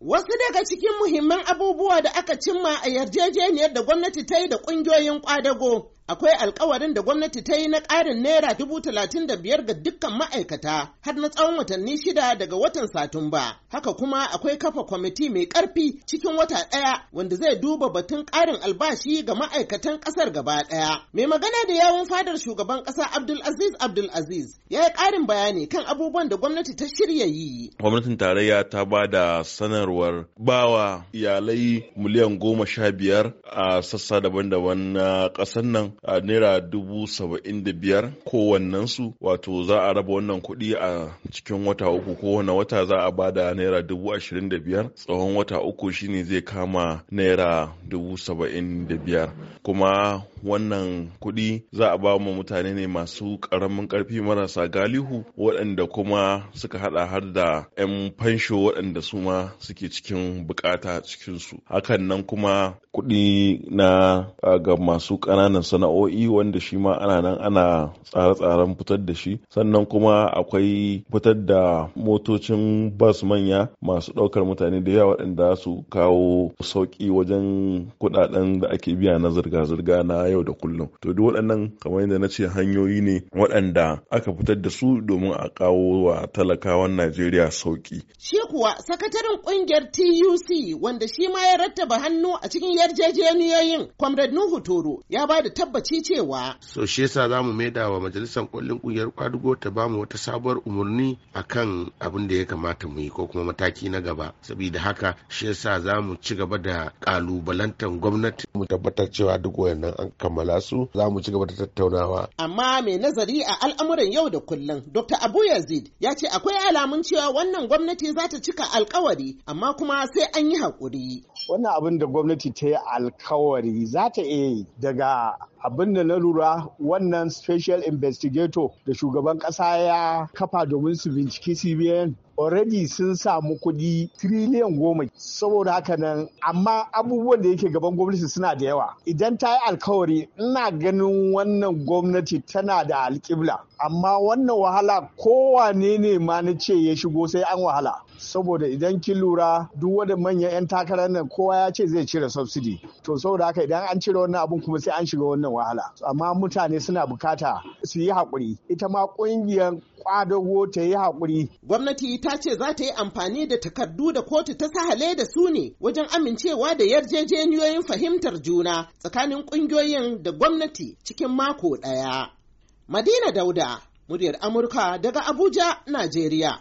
Wasu daga cikin muhimman abubuwa da aka cimma a yarjejeniyar da gwamnati ta yi da ƙungiyoyin ƙwadago akwai alkawarin da gwamnati ta yi na ƙarin naira dubu talatin da biyar ga dukkan ma'aikata har na tsawon watanni shida daga watan satumba haka kuma akwai kafa kwamiti mai ƙarfi cikin wata ɗaya wanda zai duba batun ƙarin albashi ga ma'aikatan ƙasar gaba ɗaya mai magana da yawun fadar shugaban ƙasa abdul-aziz ya yi ƙarin bayani kan abubuwan da gwamnati ta shirya yi gwamnatin tarayya ta ba da sanarwar bawa iyalai miliyan goma sha biyar a sassa daban-daban na ƙasar nan a naira dubu saba'in da biyar kowannensu wato za a raba wannan kuɗi a cikin wata uku kowane wata za a bada naira dubu ashirin da biyar tsawon wata uku shine zai kama naira dubu saba'in da biyar kuma wannan kuɗi za a ba mu mutane ne masu ƙaramin ƙarfi marasa galihu waɗanda kuma suka haɗa har da 'yan fansho waɗanda su ma suke cikin bukata cikinsu hakan nan kuma kuɗi na ga masu ƙananan sana'o'i wanda shi ma ana nan ana tsare-tsaren fitar da shi sannan kuma akwai fitar da motocin bas manya masu ɗaukar mutane da yawa waɗanda su kawo sauƙi wajen kuɗaɗen da ake biya na zirga-zirga na yau yau da kullum to duk waɗannan kamar yadda na ce hanyoyi ne waɗanda aka fitar da su domin a kawo wa talakawan najeriya sauki shi kuwa sakataren ƙungiyar tuc wanda shi ma ya rattaba hannu a cikin yarjejeniyoyin comrade nuhu toro ya ba da tabbaci cewa so shi yasa za mu maida wa majalisar ƙwallon ƙungiyar kwadugo ta ba mu wata sabuwar umarni akan abin da ya kamata mu yi ko kuma mataki na gaba saboda haka shi yasa za mu ci gaba da ƙalubalantar gwamnati mu tabbatar cewa duk wayannan an kammala su za mu ci gaba da tattaunawa. Amma mai nazari a al'amuran yau da kullum Dr. Abu Yazid ya ce akwai alamun cewa wannan gwamnati za ta cika alkawari amma kuma sai an yi haƙuri. Wannan abin da gwamnati ta yi alkawari za ta iya daga abin da na lura wannan special investigator da shugaban ƙasa ya kafa domin su binciki cbn already sun samu kuɗi triliyan goma saboda haka nan amma abubuwan da yake gaban gwamnati suna da yawa idan ta yi alkawari ina ganin wannan gwamnati tana da alƙibla amma wannan wahala kowane ne ma na ce ya shigo sai an wahala saboda idan kin lura duk wanda manyan 'yan takarar nan kowa ya ce zai cire subsidy to saboda haka idan an cire wannan abun kuma sai an shiga wannan wahala amma mutane suna bukata su yi haƙuri ita ma ƙungiyar kwadago ta yi haƙuri. Gwamnati ta ce za ta yi amfani da takardu da kotu ta sahale da su ne wajen amincewa da yarjejeniyoyin fahimtar juna tsakanin ƙungiyoyin da gwamnati cikin mako ɗaya. Madina Dauda, muryar Amurka daga Abuja, Najeriya.